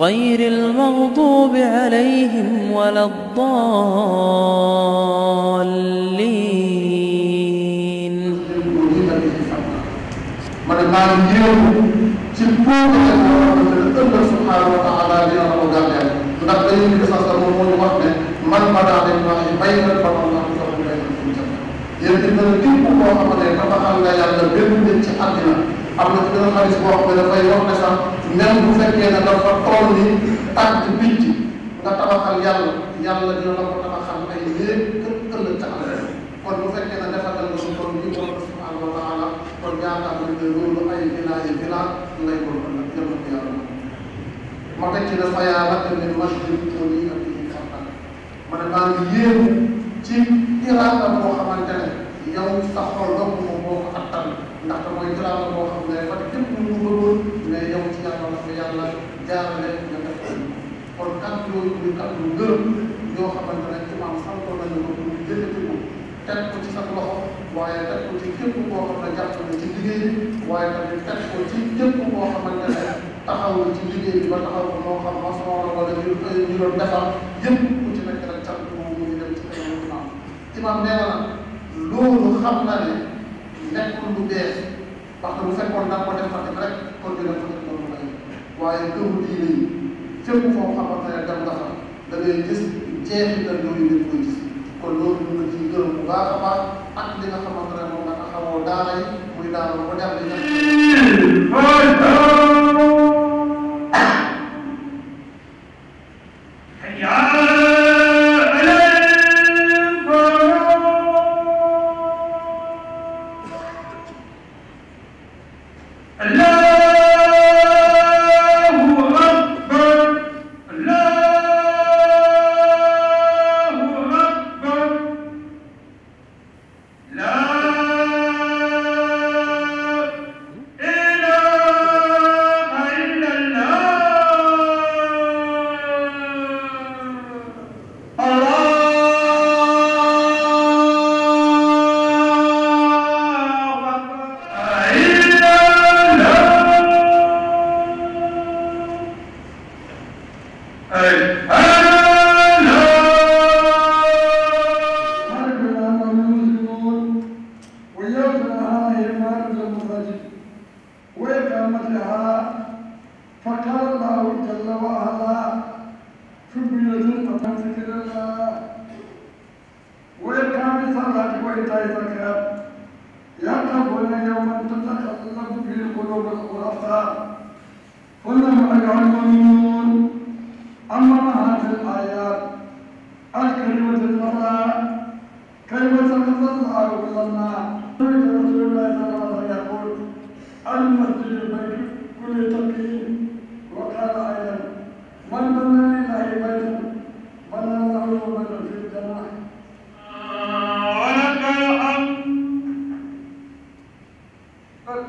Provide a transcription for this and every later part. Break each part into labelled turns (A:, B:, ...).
A: غير المغضوب عليهم ولا الضالين man ma daal di wax bay na ba ma wax ko bay na fi mu jëm yéen itam képp koo xamante ne dafa xam nga yàlla benn nit ci àddina am na ci benn xaalis boo xam ne dafay wax ne sax même bu fekkee ne dafa toll ni tànk picc nga tabaxal yàlla yàlla dina la ko tabaxal ay yéeg kër ëllëg ca am kon bu fekkee ne defatal nga suñu borom bi borom subhanahu wa taala kon yaakaar nañ ne loolu ay villa yi villa lay doon kon nag jëm ak yàlla ma teg ci ne fa yàlla te ne man de tool yi ak yi xartal ma ne maa ngi yéemu ci iraada boo xamante ne yow sa xol ndaxte mooy tiraanga boo xam ne Fatick képp mu ngi bëggoon mais yow ci yàlla la ko yàlla jaarale nga def ko kon kàddu yooyu muy kàddu yu gërëm yoo xamante ne ci maam santoon nañu ko mu jëlee ci moom teg ko ci sa loxo waaye teg ko ci képp koo xam ne jàpp na ci liggéey bi waaye tamit teg ko ci képp koo xamante ne taxaw ci liggéey bi ba taxaw ko moo xam maçon la wala ñu ñu doon defar yëpp ku ci nekk rek sant moom mu ngi dem ci kanamu imaam imaam nee na loolu xam na ne nekkul lu bees parce que bu fekkoon ndax ko def Fatick rek kon dina Fatick loolu lay waaye këru diine yi fépp foo xamante ne dem nga fa da ngay gis jeexital yooyu dañ koy gis kon loolu ñu ngi ciy gërëm bu baax a baax ak li nga xamante ne moom nga taxawoo daara yi muy daara bu ko jàpp di Allah القلوب والأبصار كلما أيها المؤمنون أما هذه الآيات الكلمة المرأة كلمة تظهر في النار رسول الله صلى الله عليه وسلم يقول المسجد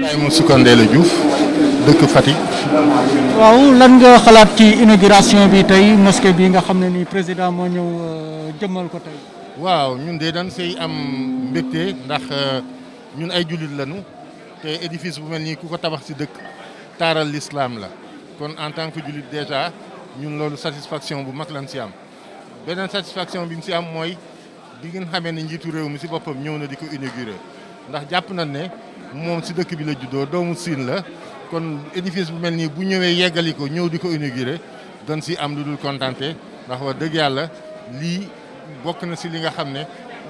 A: Ibrahima Soukandeela Diouf dëkk Fatick. waaw lan nga xalaat ci inauguration bi tey mosquée bi nga xam ne ni président moo ñëw euh, jëmmal ko tey. waaw ñun de dañ sey am mbégte ndax euh, ñun ay jullit lañu te édifice bu mel nii ku ko tabax ci dëkk taaral lislaam la kon en tant que jullit déjà ñun loolu satisfaction bu mag lañ ci am. beneen satisfaction bi mu si am mooy bi ngeen xamee ne njiitu réew mi si boppam ñëw na di ko inauguré ndax jàpp nañ ne moom si dëkk bi la juddoo doomu siin la kon édifice bu mel nii bu ñëwee yeggali ko ñëw di ko inauguré dañ si am lu dul contenté ndax wax dëgg yàlla lii bokk na si li nga xam ne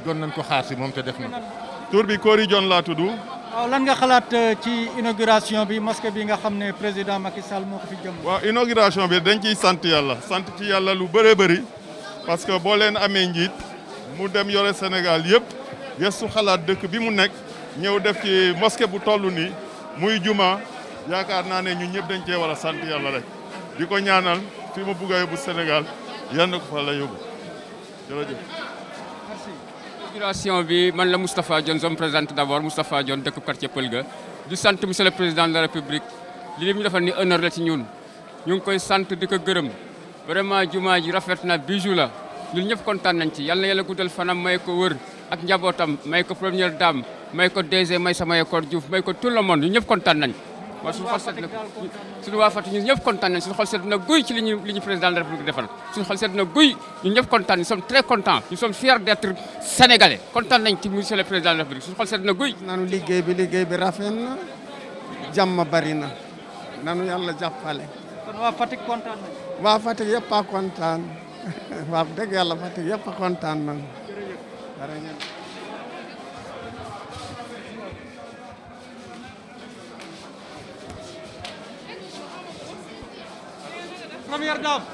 A: doon nañ ko xaar si moom te def na tur bi Kori jon laa tudd. waaw lan nga xalaat euh, ci inauguration bi mosquée bi nga xam ne président Macky Sall moo ko fi jëm. bi dañ ciy sant yàlla sant ci yàlla lu bëree bëri. parce que boo leen amee njiit mu dem yore Sénégal yëpp gëstu xalaat dëkk bi mu nekk ñëw def ci mosquée bu toll nii muy juma yaakaar naa ne ñun ñëpp dañ cee war a sant yàlla rek di ko ñaanal fi mu bugg a yóbbu Sénégal yal na ko fa la yóbbu jërëjëf. merci. bi man la Moustapha Dione som présente d'abord Moustapha Dione dëkk quartier Pëlga du sant monsieur le président de la république li mu defal ni honneur la ci ñun ñu ngi koy sant di ko gërëm. vraiment jumaa ji rafet na bijou la ñun ñëpp kontaan nañ ci yal na a guddal fanam may ko wër ak njabootam may ko première dame may ko DG may sama école Diouf may ko tout le monde ñun ñëpp kontaan nañ. waaw suñu xol sedd na sedd na guy ci li ñu li ñu président de la République defal suñu xol sedd na guy ñun ñëpp kontaan nous sommes très contents nous sommes fiers d'être sénégalais kontaan nañ ci monsieur le président de la République suñu xol sedd na guy. nanu liggéey bi liggéey bi rafet kon waa Fatick kontaan waa Fatick yëpp a kontaan waaw dëgg yàlla Fatick yëpp kontaan nañ.